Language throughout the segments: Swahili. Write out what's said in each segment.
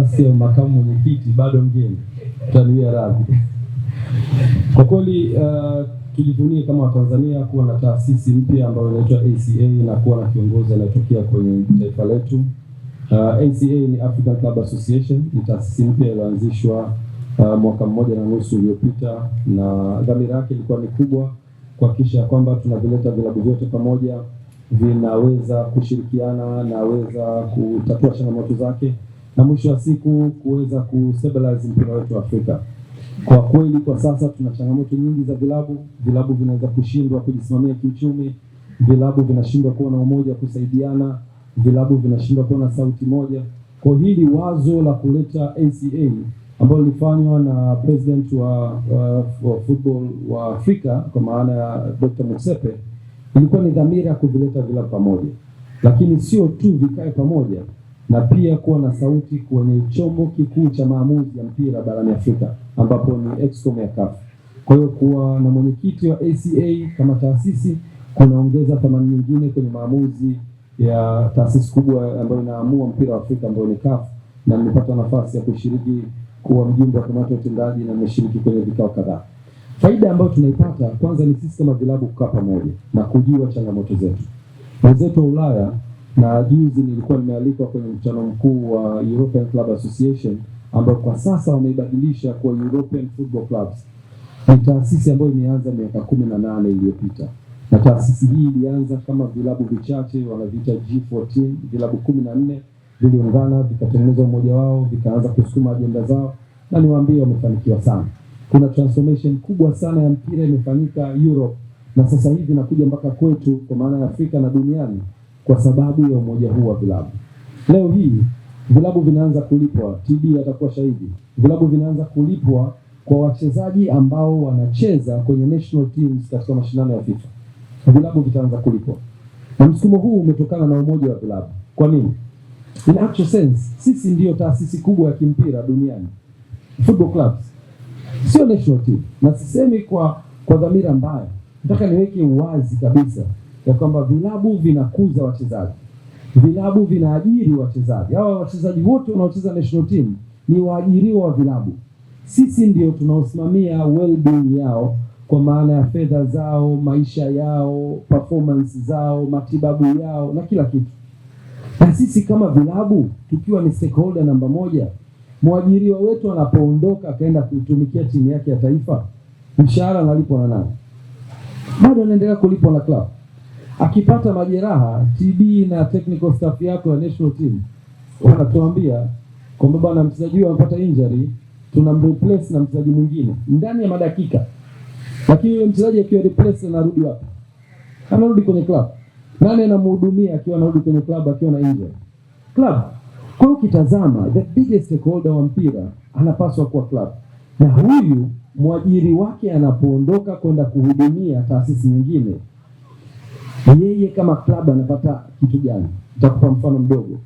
nafasi ya makamu mwenyekiti bado mgeni, tutanuia radhi. Kwa kweli uh, tujivunie kama Watanzania kuwa na taasisi mpya ambayo inaitwa ACA na kuwa na kiongozi anayetokea kwenye taifa letu. Uh, ACA ni African Club Association, ni taasisi mpya iliyoanzishwa uh, mwaka mmoja na nusu uliopita, na dhamira yake ilikuwa ni kubwa kuhakikisha kwamba tunavileta vilabu vyote pamoja, vinaweza kushirikiana naweza kutatua changamoto zake na mwisho wa siku kuweza kustabilize mpira wetu wa Afrika. Kwa kweli, kwa sasa tuna changamoto nyingi za vilabu. Vilabu vinaweza kushindwa kujisimamia kiuchumi, vilabu vinashindwa kuwa na umoja kusaidiana, vilabu vinashindwa kuwa na sauti moja. Kwa hili wazo la kuleta ACA ambalo lilifanywa na president wa, wa, wa football wa Afrika kwa maana ya Dr. Motsepe ilikuwa ni dhamira ya kuvileta vilabu pamoja, lakini sio tu vikae pamoja na pia kuwa na sauti kwenye chombo kikuu cha maamuzi ya mpira barani Afrika ambapo ni Excom ya CAF. Kwa hiyo kuwa na mwenyekiti wa ACA kama taasisi kunaongeza thamani nyingine kwenye maamuzi ya taasisi kubwa ambayo inaamua mpira wa Afrika ambayo ni CAF, na nimepata nafasi ya kushiriki kuwa mjumbe wa kamati ya utendaji na nimeshiriki kwenye vikao kadhaa. Faida ambayo tunaipata kwanza ni sisi kama vilabu kukaa pamoja na kujua changamoto zetu. Wenzetu wa Ulaya na juzi nilikuwa nimealikwa kwenye mkutano mkuu wa European Club Association ambayo kwa sasa wameibadilisha kwa European Football Clubs. Ni taasisi ambayo imeanza miaka kumi na nane iliyopita, na taasisi hii ilianza kama vilabu vichache wanaviita G14, vilabu kumi na nne viliungana vikatengeneza umoja wao vikaanza kusukuma ajenda zao, na niwaambie wamefanikiwa sana. Kuna transformation kubwa sana ya mpira imefanyika Europe, na sasa hivi inakuja mpaka kwetu kwa maana ya Afrika na duniani kwa sababu ya umoja huu wa vilabu. Leo hii vilabu vinaanza kulipwa, TD atakuwa shahidi, vilabu vinaanza kulipwa kwa wachezaji ambao wanacheza kwenye national teams katika mashindano ya FIFA, vilabu vitaanza kulipwa, na msukumo huu umetokana na umoja wa vilabu. Kwa nini? In actual sense, sisi ndiyo taasisi kubwa ya kimpira duniani, football clubs, sio national team, na sisemi kwa kwa dhamira mbaya, nataka niweke uwazi kabisa ya kwamba vilabu vinakuza wachezaji, vilabu vinaajiri wachezaji. Hawa wachezaji wote wanaocheza national team ni waajiriwa wa vilabu. Sisi ndio tunaosimamia well-being yao kwa maana ya fedha zao, maisha yao, performance zao, matibabu yao na kila kitu. Na sisi kama vilabu tukiwa ni stakeholder namba moja, mwajiriwa wetu anapoondoka akaenda kuitumikia timu yake ya taifa, mshahara analipwa na nani? Bado anaendelea kulipwa na klabu akipata majeraha TB na technical staff yako ya national team wanatuambia kwamba bwana, mchezaji huyo amepata injury, tuna replace na mchezaji mwingine ndani ya madakika. Lakini yule mchezaji akiwa replace anarudi wapi? Anarudi kwenye club. Nani anamhudumia akiwa anarudi kwenye club akiwa na injury? Club. Kwa hiyo ukitazama the biggest stakeholder wa mpira anapaswa kuwa club, na huyu mwajiri wake anapoondoka kwenda kuhudumia taasisi nyingine yeye kama klabu anapata kitu gani? Nitakupa mfano mdogo.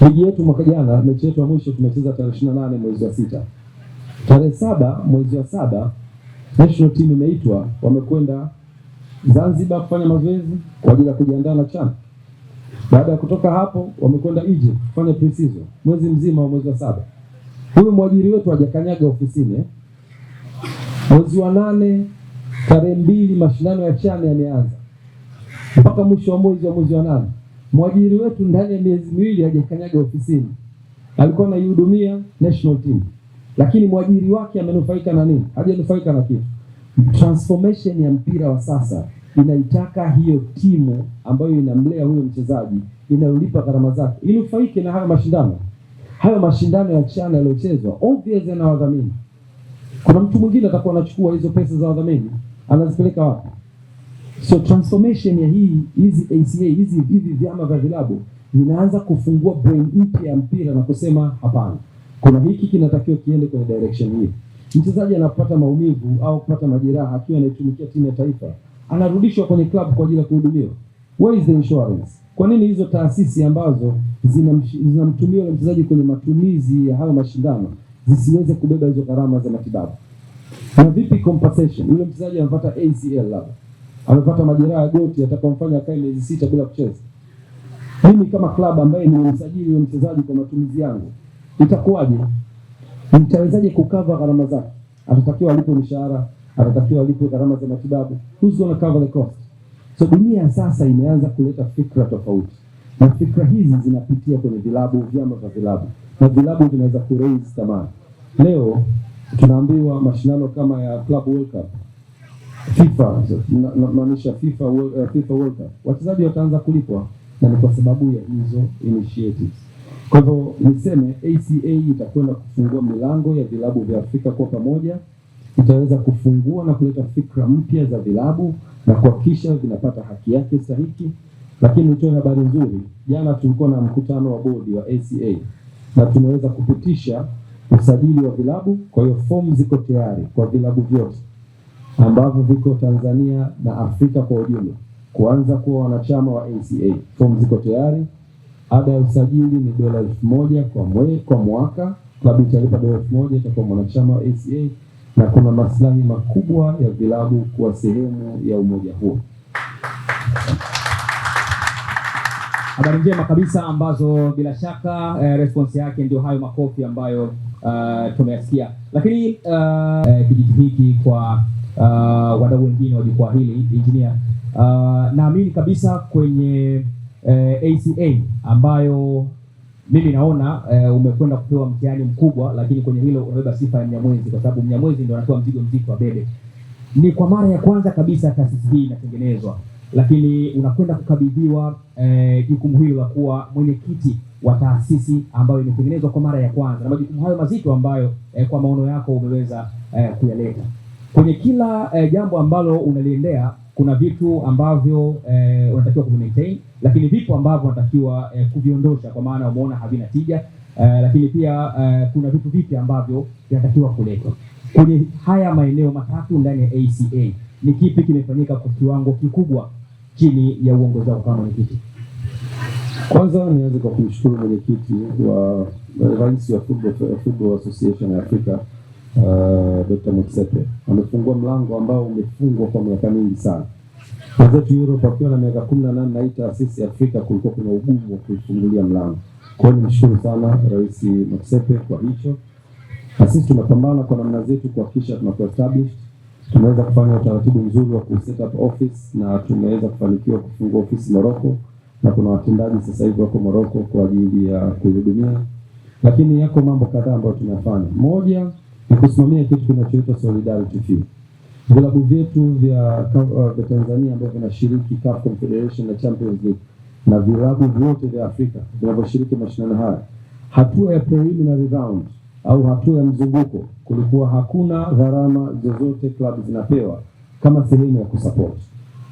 Ligi yetu mwaka jana, mechi yetu ya mwisho tumecheza tarehe ishirini na nane mwezi wa sita. Tarehe saba mwezi wa saba national team imeitwa, wamekwenda Zanzibar kufanya mazoezi kwa ajili ya kujiandaa na CHAN. Baada ya kutoka hapo, wamekwenda Egypt kufanya pre-season mwezi mzima wa mwezi wa saba. Huyu mwajiri wetu hajakanyaga ofisini. Eh? Mwezi wa nane tarehe mbili mashindano ya CHAN yameanza mpaka mwisho wa mwezi wa mwezi wa nane. Mwajiri wetu ndani ya miezi miwili hajakanyaga ofisini, alikuwa anaihudumia national team, lakini mwajiri wake amenufaika na nini? Hajanufaika na kitu. Transformation ya mpira wa sasa inaitaka hiyo timu ambayo inamlea huyo mchezaji inayolipa gharama zake inufaike na hayo mashindano. Hayo mashindano ya chana yaliyochezwa obvious yana wadhamini. Kuna mtu mwingine atakuwa anachukua hizo pesa za wadhamini, anazipeleka wapi? So transformation ya hii hizi ACA hizi hivi vyama vya vilabu vinaanza kufungua brain mpya ya mpira na kusema hapana, kuna hiki kinatakiwa kiende kwenye direction hii. Mchezaji anapata maumivu au kupata majeraha akiwa anaitumikia timu ya taifa, anarudishwa kwenye club kwa ajili ya kuhudumiwa. Where is the insurance? Kwa nini hizo taasisi ambazo zinamtumia zina mchezaji kwenye matumizi ya hayo mashindano zisiweze kubeba hizo gharama za matibabu? Na vipi compensation? Yule mchezaji anapata ACL labda amepata majeraha ya goti atakomfanya akae miezi sita bila kucheza. Mimi kama klabu ambaye nimemsajili huyo mchezaji kwa matumizi yangu, itakuwaje? Nitawezaje kukava gharama zake? Atatakiwa alipo mishahara, atatakiwa alipo gharama za matibabu. Who's gonna cover the cost? So dunia sasa imeanza kuleta fikra tofauti, na fikra hizi zinapitia kwenye vilabu, vyama vya vilabu, na vilabu vinaweza kuraise thamani. Leo tunaambiwa mashindano kama ya Club World Cup FIFA namaanisha FIFA uh, FIFA World Cup, wachezaji wataanza kulipwa na ni kwa sababu ya hizo initiatives. Kwa hivyo niseme ACA itakwenda kufungua milango ya vilabu vya Afrika kwa pamoja, itaweza kufungua na kuleta fikra mpya za vilabu na kuhakikisha vinapata haki yake stahiki. Lakini nitoe habari nzuri, jana tulikuwa na mkutano wa bodi wa ACA na tumeweza kupitisha usajili wa vilabu, kwa hiyo fomu ziko tayari kwa vilabu vyote ambavyo viko Tanzania na Afrika kwa ujumla kuanza kuwa wanachama wa ACA. Fomu ziko tayari. Ada ya usajili ni dola elfu moja kwa mwe, kwa mwaka. Klabu italipa dola elfu moja itakuwa mwanachama wa NCA, na kuna maslahi makubwa ya vilabu kuwa sehemu ya umoja huo. Habari njema kabisa ambazo bila shaka eh, response yake ndio hayo makofi ambayo uh, tumeyasikia, lakini uh, eh, kijiji hiki kwa uh, wadau wengine wa jukwaa hili engineer. Uh, naamini kabisa kwenye uh, eh, ACA ambayo mimi naona uh, umekwenda kupewa mtihani mkubwa, lakini kwenye hilo unabeba sifa ya Mnyamwezi kwa sababu Mnyamwezi ndio anatoa mzigo mzito wa bebe. Ni kwa mara ya kwanza kabisa taasisi hii inatengenezwa, lakini unakwenda kukabidhiwa eh, jukumu eh, hilo la kuwa mwenyekiti wa taasisi ambayo imetengenezwa kwa mara ya kwanza na majukumu hayo mazito ambayo eh, kwa maono yako umeweza eh, kuyaleta. Kwenye kila eh, jambo ambalo unaliendea kuna vitu ambavyo eh, unatakiwa kumaintain, lakini vipo ambavyo unatakiwa eh, kuviondosha kwa maana umeona havina tija eh, lakini pia eh, kuna vitu vipya ambavyo vinatakiwa kuletwa kwenye haya maeneo matatu ndani ya ACA. Ni kipi kimefanyika kwa kiwango kikubwa chini ya uongozi wako kama mwenyekiti? Kwanza nianze kwa kumshukuru mwenyekiti wa eh, rais wa Football Association ya Afrika uh, eh, Dr. Motsepe amefungua mlango ambao umefungwa kwa miaka mingi sana. Wenzetu Europe wakiwa na miaka kumi na nane na hii taasisi Afrika kulikuwa kuna ugumu wa kuifungulia mlango. Kwa hiyo nimshukuru sana Rais Motsepe kwa hicho, na sisi tunapambana kwa namna zetu kuhakikisha tunakuwa established. Tumeweza kufanya utaratibu mzuri wa ku set up office na tumeweza kufanikiwa kufungua ofisi Morocco, na kuna watendaji sasa hivi wako Morocco kwa ajili ya kuhudumia, lakini yako mambo kadhaa ambayo tunafanya moja ni kusimamia kitu kinachoitwa solidarity fee. Vilabu vyetu vya uh, Tanzania ambavyo vinashiriki CAF Confederation na Champions League na vilabu vyote vya Afrika vinavyoshiriki mashindano haya, hatua ya preliminary round au hatua ya mzunguko, kulikuwa hakuna gharama zozote klabu zinapewa kama sehemu ya kusupport.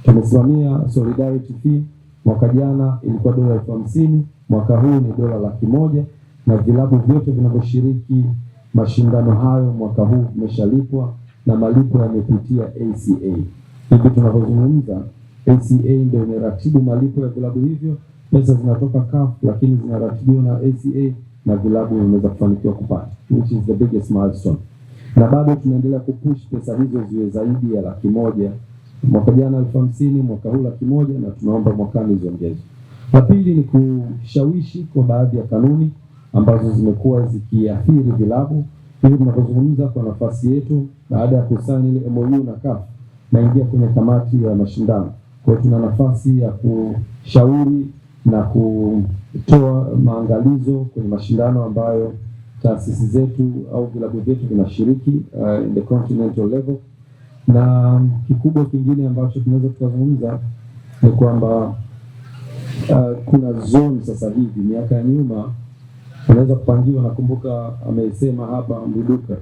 Tumesimamia solidarity fee, mwaka jana ilikuwa dola elfu hamsini, mwaka huu ni dola laki moja, na vilabu vyote vinavyoshiriki Mashindano hayo mwaka huu imeshalipwa na malipo yamepitia ACA. Hivi tunavyozungumza, ACA ndio imeratibu malipo ya vilabu hivyo. Pesa zinatoka CAF lakini zinaratibiwa na ACA na vilabu vimeweza kufanikiwa kupata, which is the biggest milestone, na bado tunaendelea kupush pesa hizo ziwe zaidi ya laki moja. Mwaka jana elfu hamsini mwaka huu laki moja, na tunaomba mwakani ziongezwe. La pili ni kushawishi kwa baadhi ya kanuni ambazo zimekuwa zikiathiri vilabu. Hivi tunapozungumza kwa nafasi yetu, baada ya kusaini ile MOU na CAF, naingia kwenye kamati ya mashindano. Kwa hiyo tuna nafasi ya kushauri na kutoa maangalizo kwenye mashindano ambayo taasisi zetu au vilabu vyetu vinashiriki uh, in the continental level. Na kikubwa kingine ambacho tunaweza tukazungumza ni kwamba uh, kuna zone sasa hivi, miaka ya nyuma anaweza kupangiwa. Nakumbuka amesema hapa Mbuduka,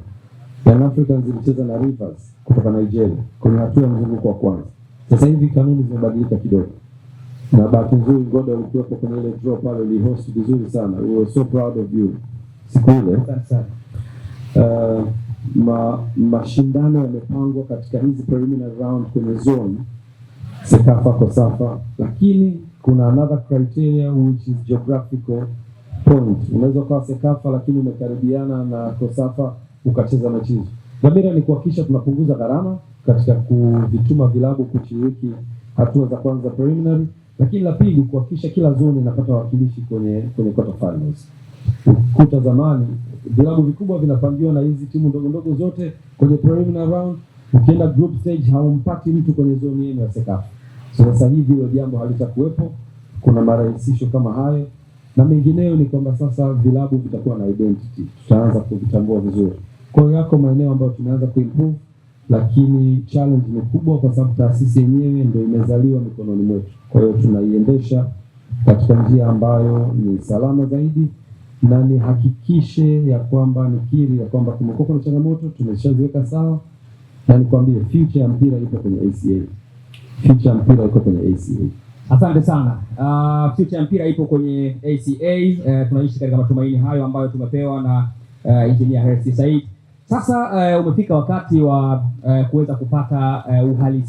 Young Africans ilicheza na Rivers kutoka Nigeria kwenye hatua ya mzunguko wa kwanza. Sasa hivi kanuni zimebadilika kidogo, na bahati nzuri Ngoda ulikuwepo kwenye ile draw pale, host vizuri sana. We were so proud of you siku ile. Uh, ma, mashindano yamepangwa katika hizi preliminary round kwenye zone Sekafa kwa safa, lakini kuna another criteria which is geographical point. Unaweza ukawa Sekafa lakini umekaribiana na Kosafa ukacheza mechi hizo. Dhamira ni kuhakikisha tunapunguza gharama katika kuvituma vilabu kushiriki hatua za kwanza preliminary, lakini la pili kuhakikisha kila zone inapata wawakilishi kwenye kwenye quarter finals. Kuta zamani vilabu vikubwa vinapangiwa na hizi timu ndogo ndogo zote kwenye preliminary round. Ukienda group stage haumpati mtu kwenye zone yenu ya Sekafa. Sasa hivi hilo jambo halitakuwepo. Kuna marahisisho kama hayo na mengineyo ni kwamba sasa vilabu vitakuwa na identity, tutaanza kuvitambua vizuri. Kwa hiyo yako maeneo ambayo tunaanza kuimprove, lakini challenge ni kubwa, kwa sababu taasisi yenyewe ndio imezaliwa mikononi mwetu. Kwa hiyo tunaiendesha katika njia ambayo ni salama zaidi, na nihakikishe ya kwamba nikiri ya kwamba kumekuwa kuna changamoto tumeshaziweka sawa, na nikwambie future ya mpira ipo kwenye ACA, future ya mpira iko kwenye ACA. Asante sana. Uh, future ya mpira ipo kwenye ACA. Uh, eh, tunaishi katika matumaini hayo ambayo tumepewa na uh, engineer Hersi Said. Sasa uh, umefika wakati wa uh, kuweza kupata uh, uhalisia